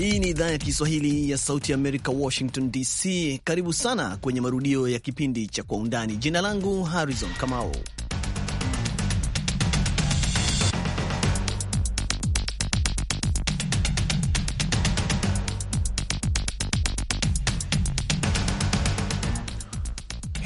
Hii ni idhaa ya Kiswahili ya Sauti ya Amerika, Washington DC. Karibu sana kwenye marudio ya kipindi cha Kwa Undani. Jina langu Harrison Kamau.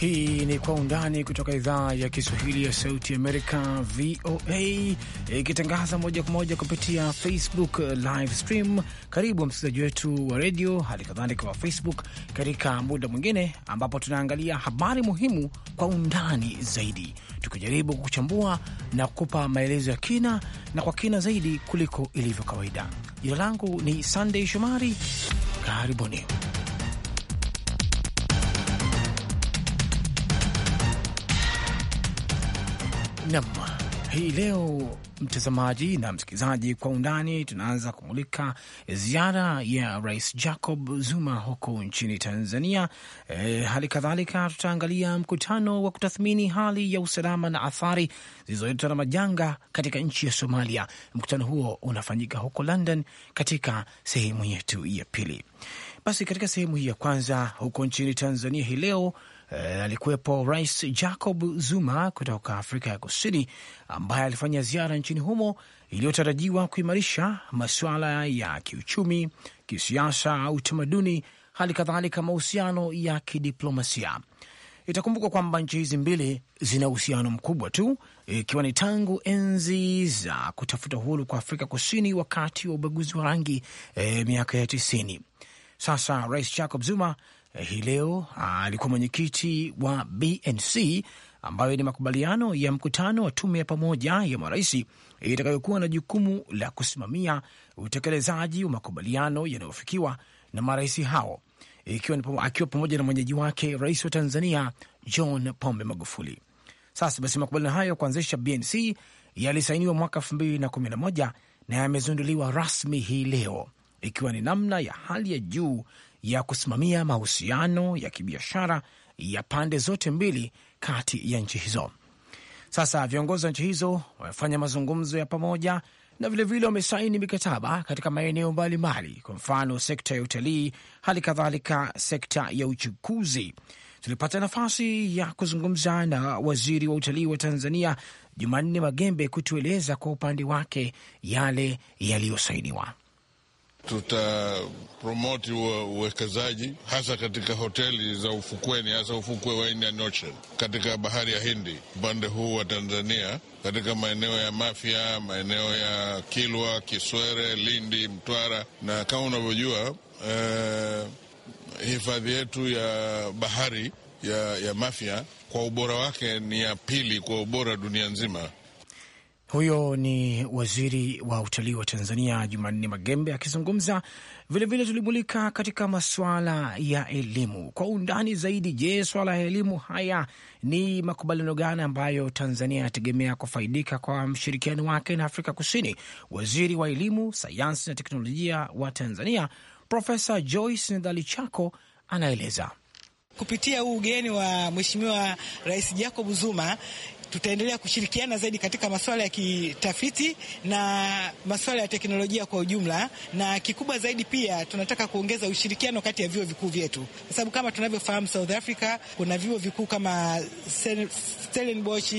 Hii ni Kwa Undani kutoka idhaa ya Kiswahili ya Sauti Amerika, VOA, ikitangaza moja kwa moja kupitia Facebook live stream. Karibu msikilizaji wetu wa redio, hali kadhalika wa Facebook, katika muda mwingine ambapo tunaangalia habari muhimu kwa undani zaidi, tukijaribu kuchambua na kupa maelezo ya kina na kwa kina zaidi kuliko ilivyo kawaida. Jina langu ni Sandey Shomari, karibuni. Nam hii leo, mtazamaji na msikilizaji, kwa undani tunaanza kumulika ziara ya Rais Jacob Zuma huko nchini Tanzania. E, hali kadhalika tutaangalia mkutano wa kutathmini hali ya usalama na athari zilizoletwa na majanga katika nchi ya Somalia. Mkutano huo unafanyika huko London katika sehemu yetu ya pili. Basi katika sehemu hii ya kwanza, huko nchini Tanzania hii leo Eh, alikuwepo Rais Jacob Zuma kutoka Afrika ya Kusini ambaye alifanya ziara nchini humo iliyotarajiwa kuimarisha masuala ya kiuchumi, kisiasa, utamaduni, hali kadhalika mahusiano ya kidiplomasia. Itakumbukwa kwamba nchi hizi mbili zina uhusiano mkubwa tu, ikiwa ni tangu enzi za kutafuta uhuru kwa Afrika Kusini wakati wa ubaguzi wa rangi e, miaka ya tisini. Sasa Rais Jacob Zuma Eh, hii leo ah, alikuwa mwenyekiti wa BNC ambayo ni makubaliano ya mkutano wa tume ya pamoja ya marais itakayokuwa na jukumu la kusimamia utekelezaji wa makubaliano yanayofikiwa na marais hao ikiwa akiwa pamoja na mwenyeji wake rais wa Tanzania John Pombe Magufuli. Sasa basi, makubaliano hayo ya kuanzisha BNC yalisainiwa mwaka elfu mbili na kumi na moja na yamezinduliwa rasmi hii leo, ikiwa ni namna ya hali ya juu ya kusimamia mahusiano ya kibiashara ya pande zote mbili kati ya nchi hizo. Sasa viongozi wa nchi hizo wamefanya mazungumzo ya pamoja na vilevile wamesaini mikataba katika maeneo mbalimbali, kwa mfano sekta ya utalii, hali kadhalika sekta ya uchukuzi. Tulipata nafasi ya kuzungumza na waziri wa utalii wa Tanzania Jumanne Magembe kutueleza kwa upande wake yale yaliyosainiwa. Tutapromoti uwekezaji hasa katika hoteli za ufukweni, hasa ufukwe wa Indian Ocean, katika bahari ya Hindi upande huu wa Tanzania, katika maeneo ya Mafia, maeneo ya Kilwa, Kiswere, Lindi, Mtwara na kama unavyojua eh, hifadhi yetu ya bahari ya, ya Mafia kwa ubora wake ni ya pili kwa ubora dunia nzima. Huyo ni waziri wa utalii wa Tanzania, Jumanne Magembe akizungumza. Vilevile tulimulika katika masuala ya elimu kwa undani zaidi. Je, swala ya elimu, haya ni makubaliano gani ambayo Tanzania yategemea kufaidika kwa mshirikiano wake na Afrika Kusini? Waziri wa elimu, sayansi na teknolojia wa Tanzania Profesa Joyce Ndalichako anaeleza. Kupitia huu ugeni wa Mheshimiwa Rais Jacob Zuma tutaendelea kushirikiana zaidi katika masuala ya kitafiti na masuala ya teknolojia kwa ujumla, na kikubwa zaidi pia tunataka kuongeza ushirikiano kati ya vyuo vikuu vyetu, kwa sababu kama tunavyofahamu South Africa kuna vyuo vikuu kama Stellenbosch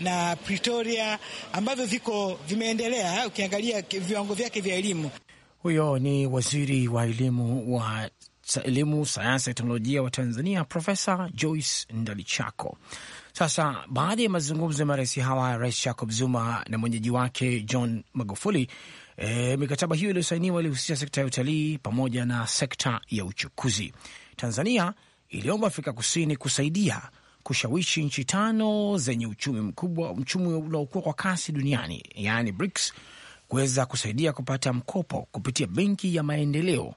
na Pretoria ambavyo viko vimeendelea ukiangalia viwango vyake vya elimu. Huyo ni waziri wa elimu wa elimu, sayansi na teknolojia wa Tanzania, Profesa Joyce Ndalichako. Sasa baada ya mazungumzo ya marais hawa, Rais Jacob Zuma na mwenyeji wake John Magufuli, e, mikataba hiyo iliyosainiwa ilihusisha sekta ya utalii pamoja na sekta ya uchukuzi. Tanzania iliomba Afrika Kusini kusaidia kushawishi nchi tano zenye uchumi mkubwa, uchumi unaokua kwa kasi duniani, yaani BRICS, kuweza kusaidia kupata mkopo kupitia Benki ya Maendeleo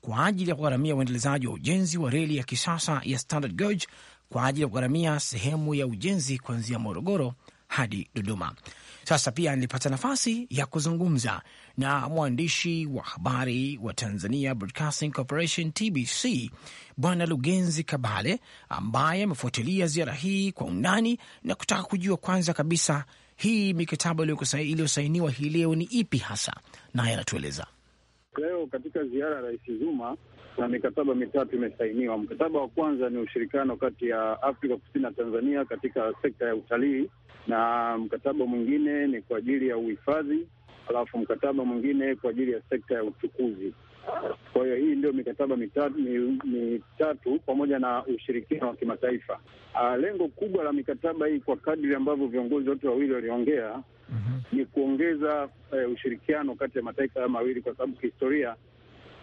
kwa ajili ya kugharamia uendelezaji wa ujenzi wa reli ya kisasa ya standard gauge kwa ajili ya kugharamia sehemu ya ujenzi kuanzia Morogoro hadi Dodoma. Sasa pia nilipata nafasi ya kuzungumza na mwandishi wa habari wa Tanzania Broadcasting Corporation, TBC, Bwana Lugenzi Kabale, ambaye amefuatilia ziara hii kwa undani na kutaka kujua kwanza kabisa hii mikataba iliyosainiwa hii leo ni ipi hasa, naye anatueleza. Leo katika ziara ya Rais Zuma na mikataba mitatu imesainiwa. Mkataba wa kwanza ni ushirikiano kati ya Afrika Kusini na Tanzania katika sekta ya utalii, na mkataba mwingine ni kwa ajili ya uhifadhi, alafu mkataba mwingine kwa ajili ya sekta ya uchukuzi. Kwa hiyo hii ndio mikataba mitatu, mitatu pamoja na ushirikiano wa kimataifa. Ah, lengo kubwa la mikataba hii kwa kadri ambavyo viongozi wote wawili waliongea, mm -hmm. ni kuongeza eh, ushirikiano kati ya mataifa haya mawili, kwa sababu kihistoria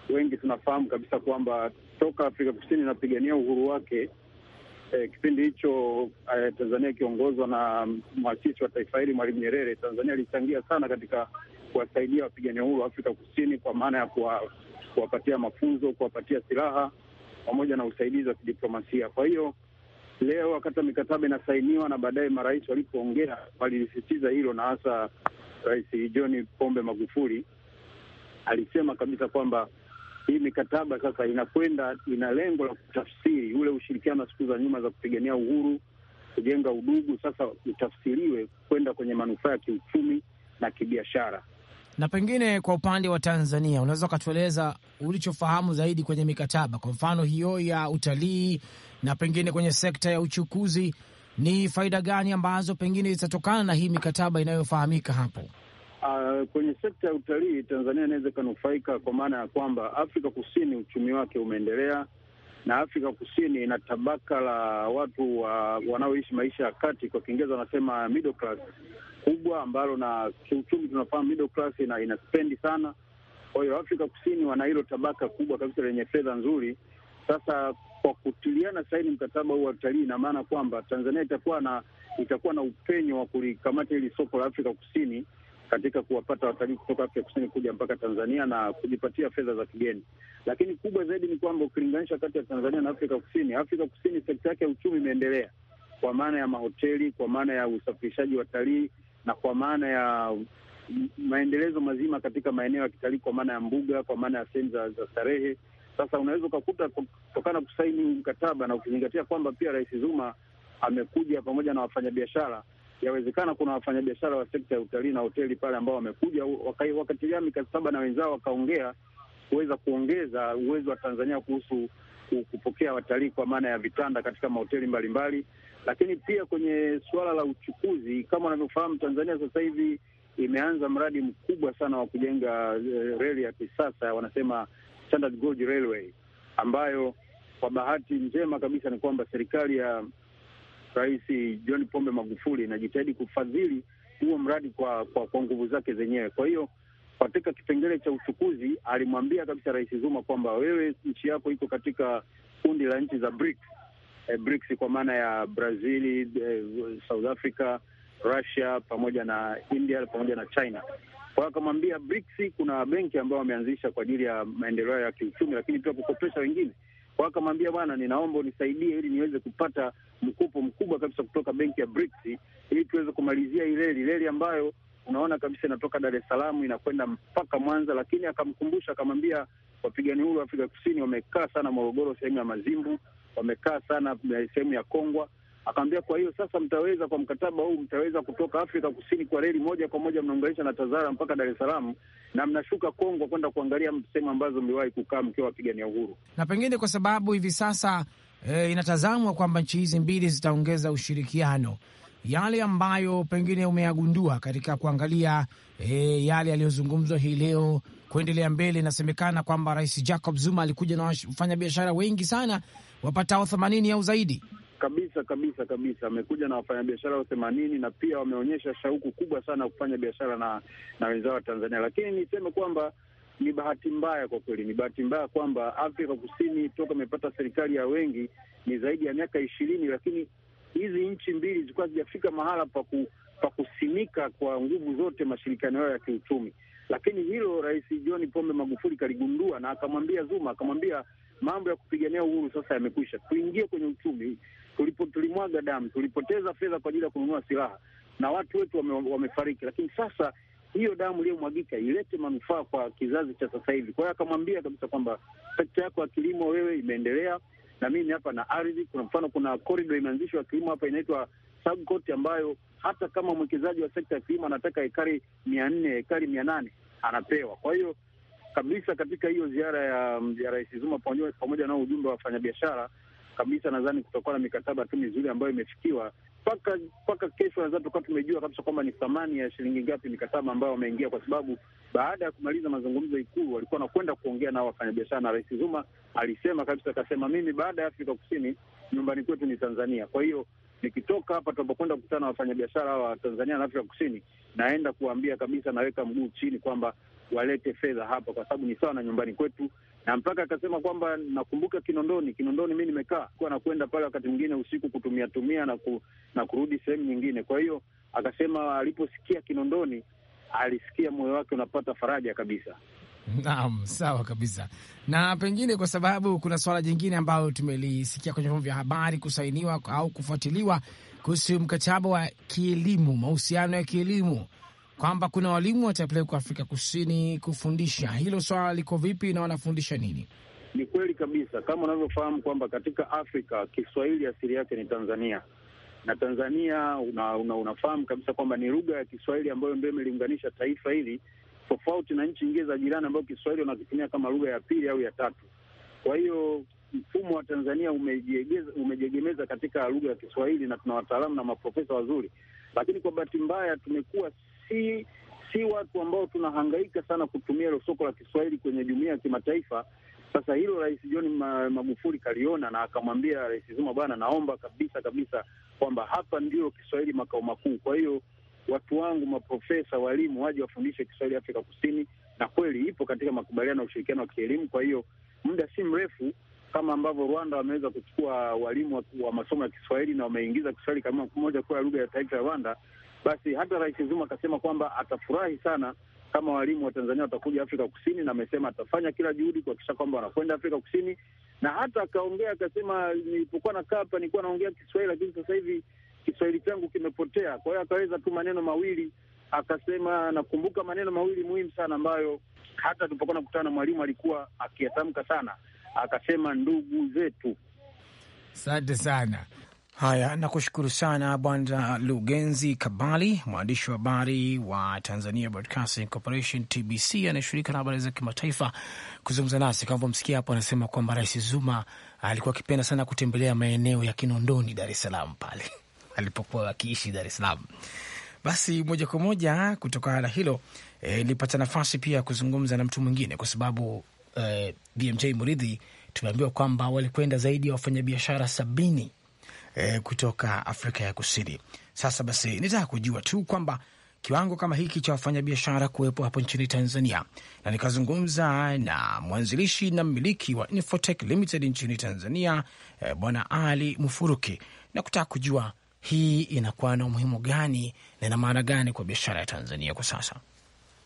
wengi tunafahamu kabisa kwamba toka Afrika Kusini inapigania uhuru wake eh, kipindi hicho eh, Tanzania ikiongozwa na mwasisi wa taifa hili Mwalimu Nyerere, Tanzania ilichangia sana katika kuwasaidia wapigania uhuru wa Afrika Kusini kwa maana ya kuwapatia mafunzo, kuwapatia silaha pamoja na usaidizi wa kidiplomasia. Kwa hiyo leo wakati mikataba inasainiwa na baadaye marais walipoongea walilisisitiza hilo, na hasa Rais John Pombe Magufuli alisema kabisa kwamba hii mikataba sasa inakwenda, ina lengo la kutafsiri ule ushirikiano wa siku za nyuma za kupigania uhuru, kujenga udugu, sasa utafsiriwe kwenda kwenye manufaa ya kiuchumi na kibiashara. Na pengine kwa upande wa Tanzania, unaweza ukatueleza ulichofahamu zaidi kwenye mikataba, kwa mfano hiyo ya utalii na pengine kwenye sekta ya uchukuzi, ni faida gani ambazo pengine zitatokana na hii mikataba inayofahamika hapo? Uh, kwenye sekta ya utalii Tanzania inaweza ikanufaika kwa maana ya kwamba Afrika Kusini uchumi wake umeendelea, na Afrika Kusini ina tabaka la watu wa, wanaoishi maisha ya kati, kwa Kiingereza wanasema middle class kubwa, ambalo na kiuchumi tunafahamu middle class ina, ina spendi sana. Kwa hiyo Afrika Kusini wana hilo tabaka kubwa kabisa lenye fedha nzuri. Sasa kwa kutiliana saini mkataba huu wa utalii, ina maana kwamba Tanzania itakuwa na itakuwa na upenyo wa kulikamata hili soko la Afrika Kusini katika kuwapata watalii kutoka Afrika Kusini kuja mpaka Tanzania na kujipatia fedha za kigeni. Lakini kubwa zaidi ni kwamba ukilinganisha kati ya Tanzania na Afrika Kusini, Afrika Kusini sekta yake ya uchumi imeendelea kwa maana ya mahoteli, kwa maana ya usafirishaji wa watalii na kwa maana ya maendelezo mazima katika maeneo ya kitalii, kwa maana ya mbuga, kwa maana ya sehemu za, za starehe. Sasa unaweza ukakuta kutokana kusaini huu mkataba na ukizingatia kwamba pia Rais Zuma amekuja pamoja na wafanyabiashara yawezekana kuna wafanyabiashara wa sekta ya utalii na hoteli pale ambao wamekuja wakatilia mikataba na wenzao wakaongea kuweza kuongeza uwezo wa Tanzania kuhusu kupokea watalii kwa maana ya vitanda katika mahoteli mbalimbali, lakini pia kwenye suala la uchukuzi. Kama unavyofahamu, Tanzania sasa hivi imeanza mradi mkubwa sana wa kujenga uh, reli ya kisasa wanasema Standard Gauge Railway, ambayo kwa bahati njema kabisa ni kwamba serikali ya Rais John Pombe Magufuli inajitahidi kufadhili huo mradi kwa kwa, kwa nguvu zake zenyewe. Kwa hiyo katika kipengele cha uchukuzi alimwambia kabisa Rais Zuma kwamba wewe, nchi yako iko katika kundi la nchi za BRICS, e, BRICS kwa maana ya Brazili, e, South Africa, Russia pamoja na India pamoja na China. Kwa hiyo akamwambia BRICS kuna benki ambayo wameanzisha kwa ajili ya maendeleo ya kiuchumi, lakini pia kukopesha wengine wakamwambia bwana, ninaomba unisaidie ili niweze kupata mkopo mkubwa kabisa kutoka benki ya BRICS ili tuweze kumalizia hii reli reli ambayo unaona kabisa inatoka Dar es Salaam inakwenda mpaka Mwanza, lakini akamkumbusha akamwambia, wapigani huru Afrika Kusini wamekaa sana Morogoro, sehemu ya Mazimbu, wamekaa sana eh, sehemu ya Kongwa Akaambia kwa hiyo sasa mtaweza kwa mkataba huu mtaweza kutoka Afrika Kusini kwa reli moja kwa moja mnaunganisha na Tazara mpaka Dar es Salaam na mnashuka Kongo kwenda kuangalia sehemu ambazo mliwahi kukaa mkiwa wapigania uhuru. Na pengine kwa sababu hivi sasa e, inatazamwa kwamba nchi hizi mbili zitaongeza ushirikiano, yale ambayo pengine umeyagundua katika kuangalia e, yale yaliyozungumzwa hii leo kuendelea mbele. Inasemekana kwamba Rais Jacob Zuma alikuja na wafanyabiashara wengi sana wapatao themanini au zaidi kabisa kabisa kabisa, amekuja na wafanyabiashara themanini na pia wameonyesha shauku kubwa sana ya kufanya biashara na na wenzao wa Tanzania, lakini niseme kwamba ni bahati mbaya kwa kweli, ni bahati mbaya kwamba Afrika Kusini toka imepata serikali ya wengi ni zaidi ya miaka ishirini, lakini hizi nchi mbili zilikuwa hazijafika mahala pa paku, kusimika kwa nguvu zote mashirikiano yao ya kiuchumi. Lakini hilo Rais John Pombe Magufuli kaligundua na akamwambia Zuma, akamwambia mambo ya kupigania uhuru sasa yamekwisha, tuingie kwenye uchumi tulipo, tulimwaga damu, tulipoteza fedha kwa ajili ya kununua silaha na watu wetu wame, wamefariki. Lakini sasa hiyo damu iliyomwagika ilete manufaa kwa kizazi cha sasa hivi. Kwa hiyo akamwambia kabisa kwamba sekta yako ya kilimo wewe imeendelea na mimi hapa na ardhi. Kuna mfano, kuna korido imeanzishwa kilimo hapa inaitwa Subcourt, ambayo hata kama mwekezaji wa sekta ya kilimo anataka hekari mia nne hekari mia nane anapewa. Kwa hiyo kabisa katika hiyo ziara ya, ya Rais Zuma pamoja na ujumbe wa wafanyabiashara kabisa. Nadhani kutakuwa na mikataba tu mizuri ambayo imefikiwa mpaka mpaka kesho, naweza tukawa tumejua kabisa kwamba ni thamani ya shilingi ngapi mikataba ambayo wameingia, kwa sababu baada ya kumaliza mazungumzo Ikulu walikuwa wanakwenda kuongea nao wafanyabiashara, na Rais Zuma alisema kabisa, akasema mimi baada ya Afrika Kusini nyumbani kwetu ni Tanzania, kwa hiyo nikitoka hapa tunapokwenda kukutana na wafanyabiashara wa Tanzania na Afrika Kusini, naenda kuwaambia kabisa, naweka mguu chini kwamba walete fedha hapa, kwa sababu ni sawa na nyumbani kwetu, na mpaka akasema kwamba nakumbuka Kinondoni, Kinondoni mi nimekaa kuwa nakwenda pale wakati mwingine usiku kutumia tumia na, ku, na kurudi sehemu nyingine. Kwa hiyo akasema aliposikia Kinondoni alisikia moyo wake unapata faraja kabisa. Naam, sawa kabisa. Na pengine kwa sababu kuna suala jingine ambayo tumelisikia kwenye vyombo vya habari kusainiwa au kufuatiliwa kuhusu mkataba wa kielimu, mahusiano ya kielimu kwamba kuna walimu watapelekwa Afrika Kusini kufundisha. Hilo swala liko vipi na wanafundisha nini? Ni kweli kabisa, kama unavyofahamu kwamba katika Afrika Kiswahili asili yake ni Tanzania na Tanzania una, una, unafahamu kabisa kwamba ni lugha ya Kiswahili ambayo ndio imeliunganisha taifa hili tofauti na nchi nyingine za jirani ambayo Kiswahili wanakitumia kama lugha ya pili au ya tatu. Kwa hiyo mfumo wa Tanzania umejiegemeza katika lugha ya Kiswahili na tuna wataalamu na maprofesa wazuri, lakini kwa bahati mbaya tumekuwa si si watu ambao tunahangaika sana kutumia hilo soko la Kiswahili kwenye jumuia ya kimataifa. Sasa hilo Rais John Magufuli kaliona na akamwambia Rais Zuma, bwana, naomba kabisa kabisa kwamba hapa ndio Kiswahili makao makuu. Kwa hiyo watu wangu, maprofesa, walimu, waje wafundishe Kiswahili Afrika Kusini, na kweli ipo katika makubaliano ya ushirikiano wa kielimu. Kwa hiyo muda si mrefu kama ambavyo Rwanda wameweza kuchukua walimu wa, wa masomo ya Kiswahili na wameingiza Kiswahili kama moja kuwa lugha ya taifa ya Rwanda basi hata Rais Zuma akasema kwamba atafurahi sana kama walimu wa Tanzania watakuja Afrika Kusini, na amesema atafanya kila juhudi kuhakikisha kwamba wanakwenda Afrika Kusini, na hata akaongea akasema, nilipokuwa nakaa hapa nilikuwa naongea Kiswahili, lakini sasa hivi Kiswahili changu kimepotea. Kwa hiyo akaweza tu maneno mawili akasema, nakumbuka maneno mawili muhimu sana ambayo hata tulipokuwa nakutana na mwalimu alikuwa akiyatamka sana, akasema ndugu zetu. Asante sana. Haya, nakushukuru sana Bwana Lugenzi Kabali, mwandishi wa habari wa Tanzania Broadcasting Corporation, TBC, anayeshughulika na habari za kimataifa kuzungumza nasi. Msikia hapo, anasema kwamba Rais Zuma alikuwa akipenda sana kutembelea maeneo ya Kinondoni, Dar es Salaam, pale alipokuwa akiishi Dar es Salaam. Basi moja kwa moja kutokana na hilo e, nilipata e, nafasi pia ya kuzungumza na mtu mwingine kwa sababu e, BMJ Muridhi, tumeambiwa kwamba walikwenda zaidi ya wafanyabiashara sabini eh, kutoka Afrika ya Kusini. Sasa basi, nitaka kujua tu kwamba kiwango kama hiki cha wafanyabiashara kuwepo hapo nchini Tanzania, na nikazungumza na mwanzilishi na mmiliki wa Infotech Limited nchini Tanzania, eh, Bwana Ali Mufuruki, na kutaka kujua hii inakuwa na umuhimu gani na ina maana gani kwa biashara ya Tanzania kwa sasa.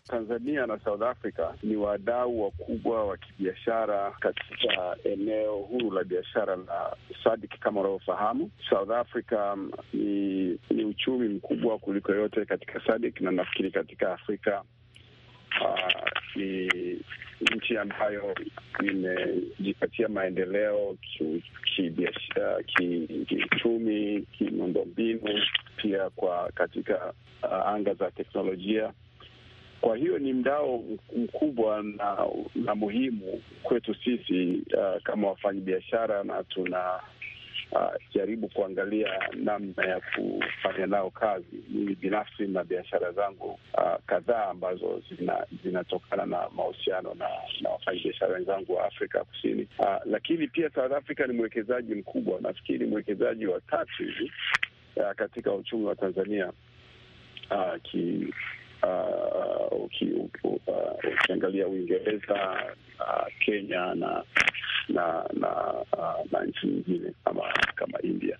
Tanzania na South Africa ni wadau wakubwa wa kibiashara katika eneo huru la biashara la SADC kama unavyofahamu. South Africa mm, ni, ni uchumi mkubwa kuliko yote katika SADC na nafikiri katika Afrika uh, ni nchi ambayo imejipatia maendeleo kiuchumi, kimiundombinu, pia kwa katika uh, anga za teknolojia kwa hiyo ni mdao mkubwa na, na muhimu kwetu sisi uh, kama wafanyabiashara na tuna Uh, jaribu kuangalia namna ya kufanya nao kazi. Mimi binafsi na biashara zangu uh, kadhaa ambazo zinatokana zina na mahusiano na, na wafanyabiashara wenzangu wa Afrika Kusini uh, lakini pia South Africa ni mwekezaji mkubwa, nafikiri mwekezaji wa tatu hivi uh, katika uchumi wa Tanzania uh, ki, Uh, uh, ukiangalia uh, uh, Uingereza uh, Kenya na na na, uh, na nchi nyingine kama kama India.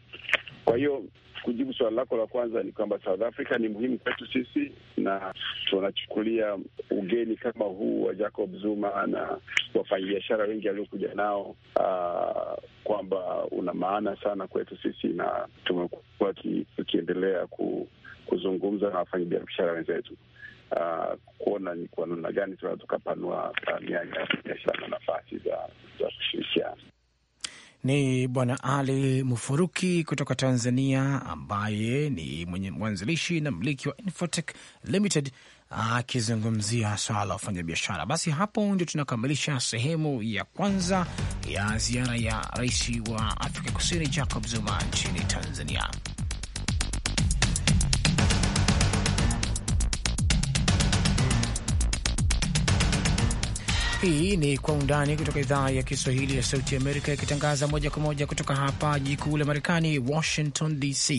Kwa hiyo kujibu suala lako la kwanza ni kwamba South Africa ni muhimu kwetu sisi, na tunachukulia ugeni kama huu wa Jacob Zuma na wafanyabiashara wengi waliokuja nao uh, kwamba una maana sana kwetu sisi, na tumekuwa tukiendelea ku, kuzungumza na wafanyabiashara wenzetu. Uh, kuona ni kwa namna gani tunaweza tukapanua mianya ya biashara na nafasi za, za kushirikiana. Ni Bwana Ali Mufuruki kutoka Tanzania, ambaye ni mwenye mwanzilishi na mmiliki wa Infotech Limited akizungumzia swala la wafanyabiashara. Basi hapo ndio tunakamilisha sehemu ya kwanza ya ziara ya rais wa Afrika Kusini Jacob Zuma nchini Tanzania. Hii ni Kwa Undani kutoka idhaa ya Kiswahili ya Sauti Amerika, ikitangaza moja kwa moja kutoka hapa jiji kuu la Marekani, Washington DC.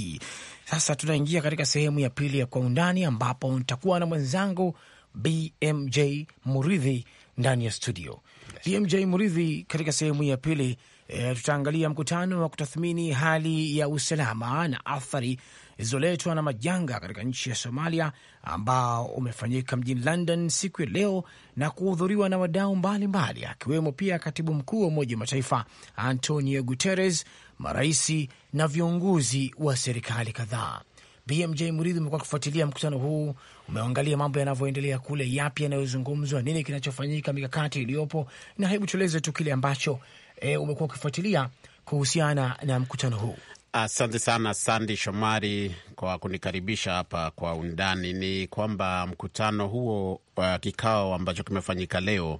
Sasa tunaingia katika sehemu ya pili ya Kwa Undani, ambapo nitakuwa na mwenzangu BMJ Muridhi ndani ya studio. BMJ Muridhi, katika sehemu ya pili e, tutaangalia mkutano wa kutathmini hali ya usalama na athari zilizoletwa na majanga katika nchi ya Somalia ambao umefanyika mjini London siku ya leo na kuhudhuriwa na wadau mbalimbali akiwemo pia katibu mkuu wa Umoja wa Mataifa Antonio Guterres, maraisi na viongozi wa serikali kadhaa. BMJ Muridhi, umekuwa kufuatilia mkutano huu, umeangalia mambo yanavyoendelea kule, yapi yanayozungumzwa, nini kinachofanyika, mikakati iliyopo, na hebu tueleze tu kile ambacho e, umekuwa ukifuatilia kuhusiana na mkutano huu. Asante sana Sandi Shomari kwa kunikaribisha hapa kwa undani. Ni kwamba mkutano huo wa uh, kikao ambacho kimefanyika leo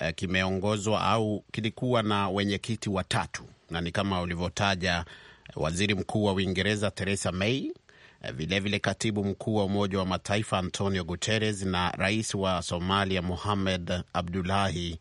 uh, kimeongozwa au kilikuwa na wenyekiti watatu na ni kama ulivyotaja Waziri Mkuu wa Uingereza Theresa May, vilevile uh, vile katibu mkuu wa Umoja wa Mataifa Antonio Guterres na rais wa Somalia Mohamed Abdullahi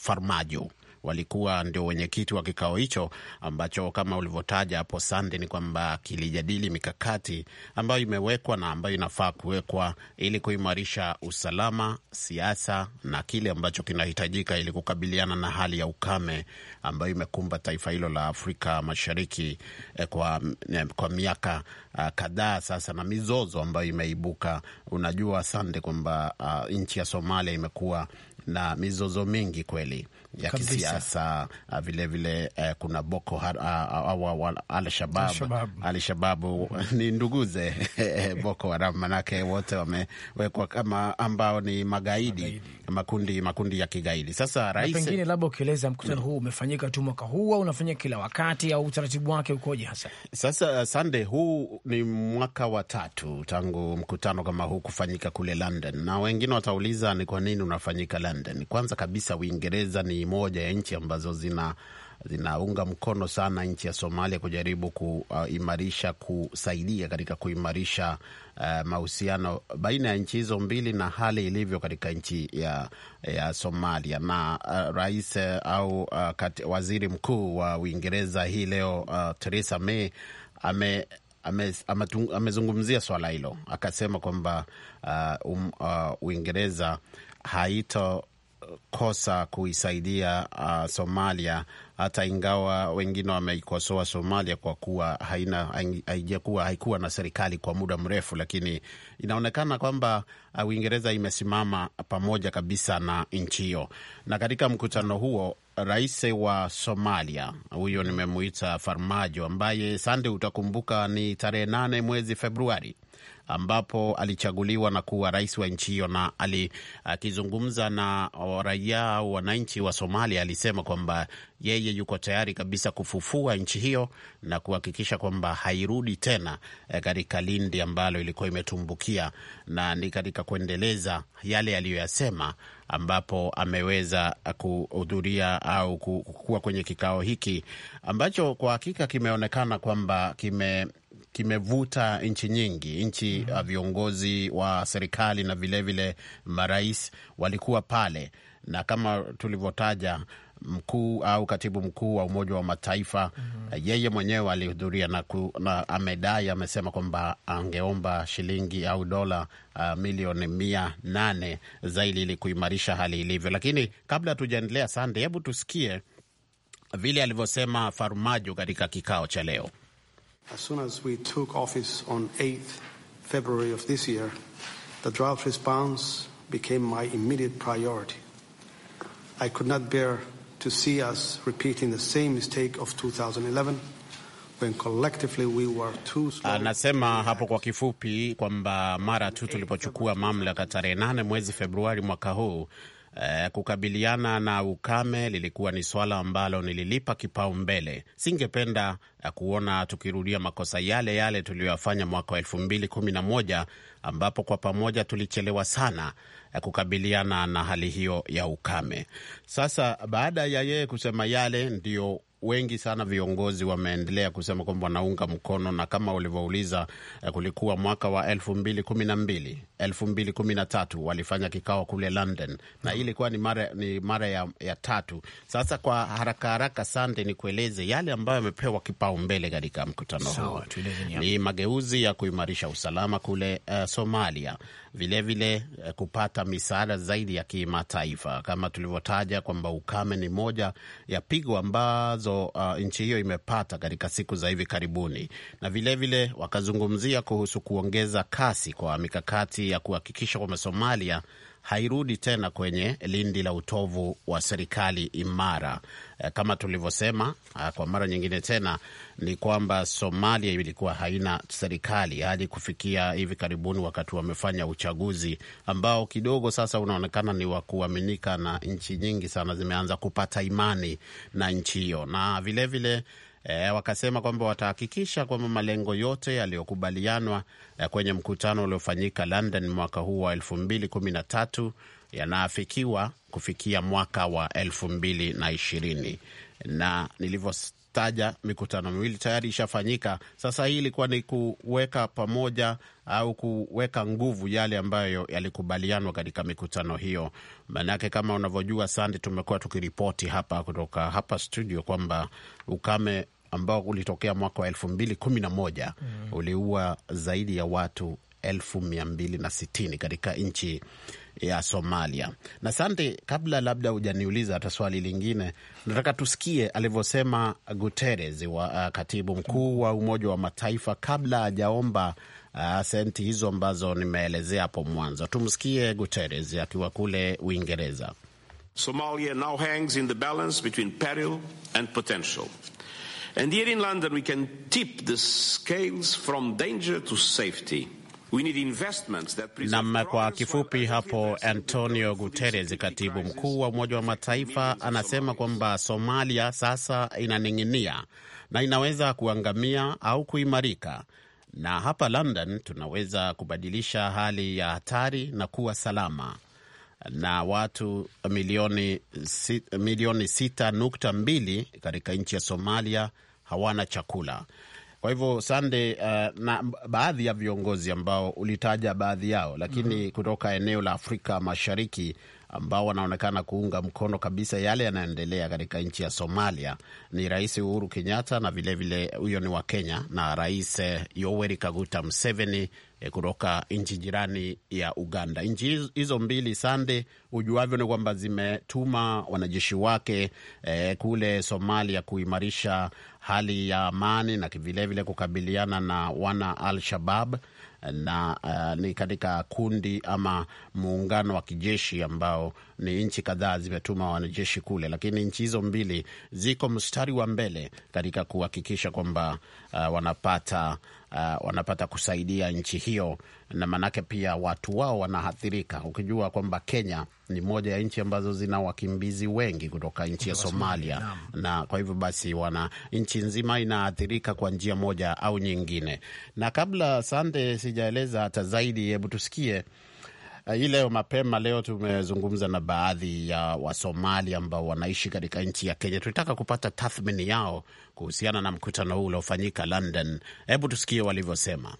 Farmajo walikuwa ndio wenyekiti wa kikao hicho ambacho kama ulivyotaja hapo Sande, ni kwamba kilijadili mikakati ambayo imewekwa na ambayo inafaa kuwekwa ili kuimarisha usalama, siasa na kile ambacho kinahitajika ili kukabiliana na hali ya ukame ambayo imekumba taifa hilo la Afrika Mashariki eh, kwa, eh, kwa miaka ah, kadhaa sasa na mizozo ambayo imeibuka. Unajua Sande, kwamba uh, nchi ya Somalia imekuwa na mizozo mingi kweli ya kisiasa vilevile. Ah, eh, kuna Boko ah, ah, Alshababu, Alshababu ni nduguze Boko Haram, manake wote wamewekwa kama ambao ni magaidi, magaidi makundi makundi ya kigaidi. Sasa rais pengine, labda ukieleza mkutano huu umefanyika tu mwaka huu au unafanyika kila wakati au utaratibu wake ukoje hasa? Sasa uh, Sande, huu ni mwaka wa tatu tangu mkutano kama huu kufanyika kule London, na wengine watauliza ni kwa nini unafanyika London. Kwanza kabisa, Uingereza ni moja ya nchi ambazo zina zinaunga mkono sana nchi ya Somalia kujaribu kuimarisha, uh, kusaidia katika kuimarisha uh, mahusiano baina ya nchi hizo mbili na hali ilivyo katika nchi ya, ya Somalia na uh, rais uh, au uh, kati, waziri mkuu wa uh, Uingereza hii leo uh, Theresa May ame amezungumzia swala hilo akasema kwamba uh, um, uh, Uingereza haito kosa kuisaidia uh, Somalia hata ingawa wengine wameikosoa Somalia kwa kuwa haina haijakuwa haikuwa na serikali kwa muda mrefu, lakini inaonekana kwamba uh, Uingereza imesimama pamoja kabisa na nchi hiyo. Na katika mkutano huo, rais wa Somalia huyo nimemuita Farmajo, ambaye Sande utakumbuka ni tarehe nane mwezi Februari ambapo alichaguliwa na kuwa rais wa nchi hiyo, na akizungumza na raia au wananchi wa Somalia alisema kwamba yeye yuko tayari kabisa kufufua nchi hiyo na kuhakikisha kwamba hairudi tena eh, katika lindi ambalo ilikuwa imetumbukia, na ni katika kuendeleza yale aliyoyasema ambapo ameweza kuhudhuria au kuwa kwenye kikao hiki ambacho kwa hakika kimeonekana kwamba kime kimevuta nchi nyingi nchi mm -hmm. Viongozi wa serikali na vilevile marais walikuwa pale, na kama tulivyotaja mkuu au katibu mkuu wa Umoja wa Mataifa mm -hmm. yeye mwenyewe alihudhuria na, na amedai amesema kwamba angeomba shilingi au dola uh, milioni mia nane zaidi ili kuimarisha hali ilivyo. Lakini kabla hatujaendelea, Sande, hebu tusikie vile alivyosema farmajo katika kikao cha leo. As soon as we took office on 8th February of this year, the drought response became my immediate priority. I could not bear to see us repeating the same mistake of 2011 when collectively we were too slow. Anasema ah, hapo kwa kifupi kwamba mara tu tulipochukua mamlaka tarehe 8 mwezi Februari mwaka huu eh, kukabiliana na ukame lilikuwa ni swala ambalo nililipa kipaumbele. Singependa eh, kuona tukirudia makosa yale yale tuliyoyafanya mwaka wa elfu mbili kumi na moja ambapo kwa pamoja tulichelewa sana eh, kukabiliana na hali hiyo ya ukame. Sasa baada ya yeye kusema yale, ndio wengi sana viongozi wameendelea kusema kwamba wanaunga mkono, na kama ulivyouliza, eh, kulikuwa mwaka wa elfu mbili kumi na mbili elfu mbili kumi na tatu walifanya kikao kule London na hii mm. ilikuwa ni mara, ni mara ya, ya tatu. Sasa kwa haraka haraka, Sande, ni kueleze yale ambayo yamepewa kipaumbele katika mkutano huo. Ni mageuzi ya kuimarisha usalama kule uh, Somalia vilevile vile eh, kupata misaada zaidi ya kimataifa. Kama tulivyotaja kwamba ukame ni moja ya pigo ambazo uh, nchi hiyo imepata katika siku za hivi karibuni, na vilevile vile wakazungumzia kuhusu kuongeza kasi kwa mikakati ya kuhakikisha kwamba Somalia hairudi tena kwenye lindi la utovu wa serikali imara. Eh, kama tulivyosema eh, kwa mara nyingine tena, ni kwamba Somalia ilikuwa haina serikali hadi kufikia hivi karibuni, wakati wamefanya uchaguzi ambao kidogo sasa unaonekana ni wa kuaminika, na nchi nyingi sana zimeanza kupata imani na nchi hiyo na vilevile vile, E, wakasema kwamba watahakikisha kwamba malengo yote yaliyokubalianwa e, kwenye mkutano uliofanyika London mwaka huu wa 2013 yanaafikiwa kufikia mwaka wa 2020 na na nilivyo taja mikutano miwili tayari ishafanyika. Sasa hii ilikuwa ni kuweka pamoja au kuweka nguvu yale ambayo yalikubalianwa katika mikutano hiyo. Maanake kama unavyojua, Sandi, tumekuwa tukiripoti hapa kutoka hapa studio kwamba ukame ambao ulitokea mwaka wa elfu mbili kumi na moja mm. uliua zaidi ya watu elfu mia mbili na sitini katika nchi ya Somalia. Na sante, kabla labda hujaniuliza hata swali lingine, nataka tusikie alivyosema Guterres wa uh, katibu mkuu wa Umoja wa Mataifa kabla hajaomba uh, senti hizo ambazo nimeelezea hapo mwanzo. Tumsikie Guterres akiwa kule Uingereza. Somalia now hangs in the balance between peril and potential And here in London, we can tip the scales from danger to safety. Nam, kwa kifupi hapo, Antonio Guterres, katibu mkuu wa Umoja wa Mataifa, anasema kwamba Somalia sasa inaning'inia na inaweza kuangamia au kuimarika, na hapa London tunaweza kubadilisha hali ya hatari na kuwa salama na watu milioni, sit, milioni sita nukta mbili katika nchi ya Somalia hawana chakula. Kwa hivyo Sande, uh, na baadhi ya viongozi ambao ulitaja baadhi yao, lakini mm -hmm. kutoka eneo la Afrika Mashariki ambao wanaonekana kuunga mkono kabisa yale yanayoendelea katika nchi ya Somalia ni Rais Uhuru Kenyatta na vilevile huyo vile, ni wa Kenya na Rais eh, Yoweri Kaguta Museveni Eh, kutoka nchi jirani ya Uganda. Nchi hizo mbili sande, ujuavyo ni kwamba zimetuma wanajeshi wake e, kule Somalia kuimarisha hali ya amani na vilevile kukabiliana na wana Al Shabab eh, na uh, ni katika kundi ama muungano wa kijeshi ambao ni nchi kadhaa zimetuma wanajeshi kule, lakini nchi hizo mbili ziko mstari wa mbele katika kuhakikisha kwamba uh, wanapata uh, wanapata kusaidia nchi hiyo, na maanake pia watu wao wanaathirika, ukijua kwamba Kenya ni moja ya nchi ambazo zina wakimbizi wengi kutoka nchi ya Somalia na, na kwa hivyo basi wana nchi nzima inaathirika kwa njia moja au nyingine. Na kabla sande sijaeleza hata zaidi, hebu tusikie Eh, hii leo mapema leo tumezungumza na baadhi ya Wasomali ambao wanaishi katika nchi ya Kenya. Tulitaka kupata tathmini yao kuhusiana na mkutano huu uliofanyika London. Hebu tusikie walivyosema.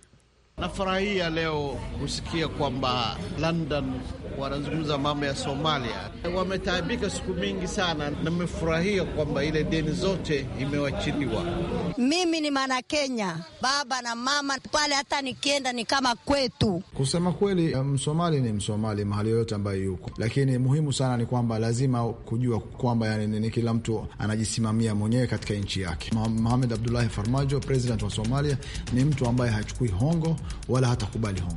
Nafurahia leo kusikia kwamba London wanazungumza mambo ya Somalia. Wametaabika siku mingi sana, namefurahia kwamba ile deni zote imewachiliwa. Mimi ni mwana Kenya, baba na mama pale, hata nikienda ni kama kwetu. Kusema kweli, Msomali um, ni Msomali mahali yoyote ambayo yuko, lakini muhimu sana ni kwamba lazima kujua kwamba yani, ni kila mtu anajisimamia mwenyewe katika nchi yake. Mohamed Abdullahi Farmajo, president wa Somalia, ni mtu ambaye hachukui hongo wala hatakubali hongo.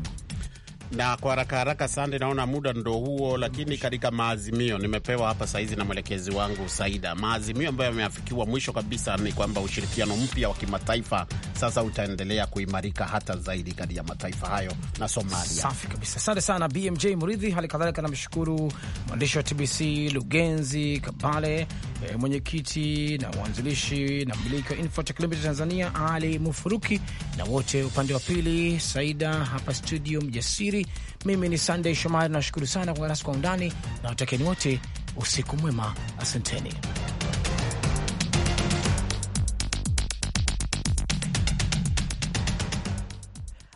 Na kwa haraka haraka sande, naona muda ndo huo, lakini katika maazimio nimepewa hapa saizi na mwelekezi wangu Saida, maazimio ambayo yameafikiwa mwisho kabisa ni kwamba ushirikiano mpya wa kimataifa sasa utaendelea kuimarika hata zaidi kati ya mataifa hayo na Somalia. Safi kabisa, asante sana BMJ Muridhi. Hali kadhalika namshukuru mwandishi wa TBC Lugenzi Kabale Eh, mwenyekiti na mwanzilishi na mmiliki wa Infotech Limited Tanzania Ali Mufuruki, na wote upande wa pili Saida hapa studio Mjasiri. Mimi ni sandey Shomari, nashukuru sana kwa rasi kwa undani na watakeni wote usiku mwema, asanteni.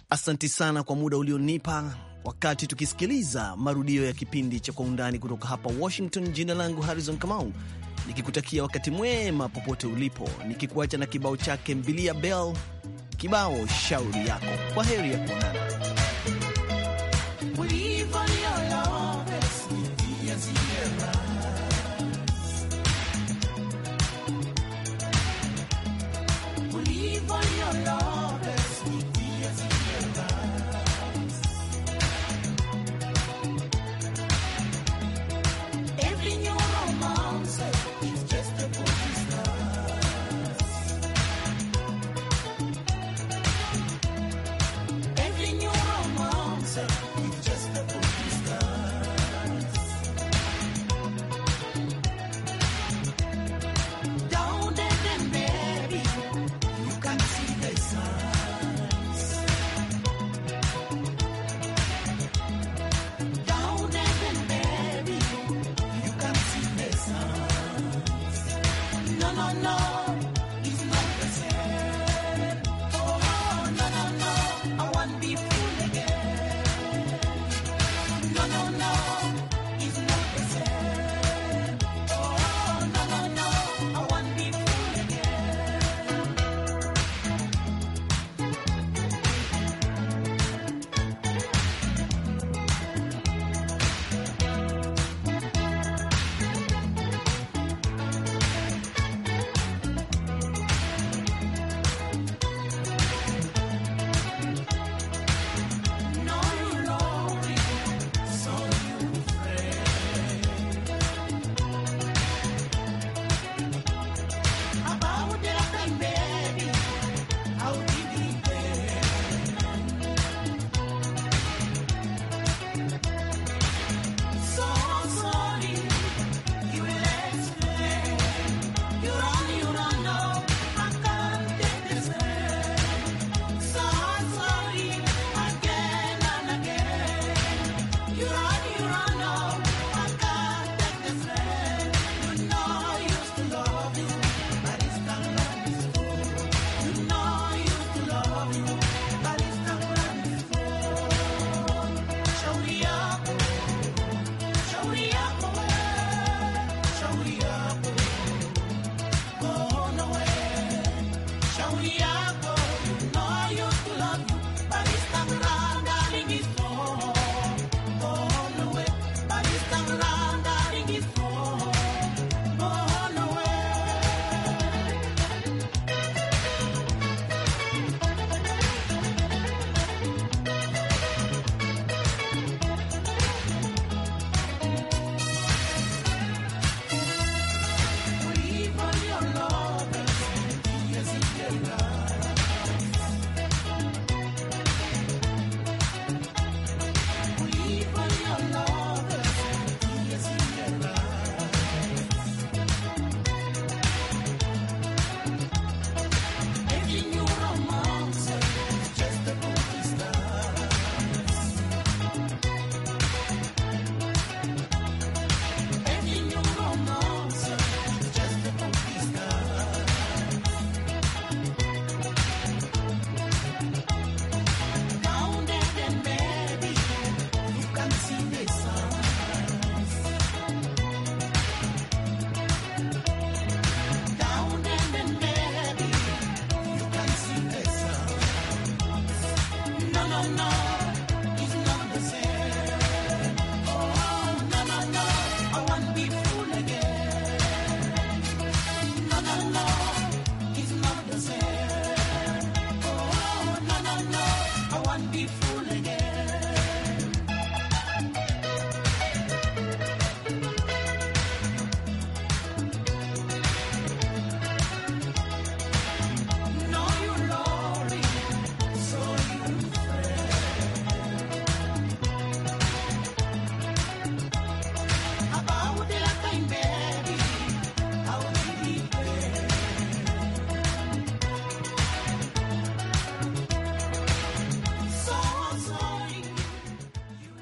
Asanti sana kwa muda ulionipa wakati tukisikiliza marudio ya kipindi cha Kwa Undani kutoka hapa Washington. Jina langu Harrison Kamau, nikikutakia wakati mwema popote ulipo, nikikuacha na kibao chake Mbilia Bel, kibao shauri yako. Kwa heri ya kuonana.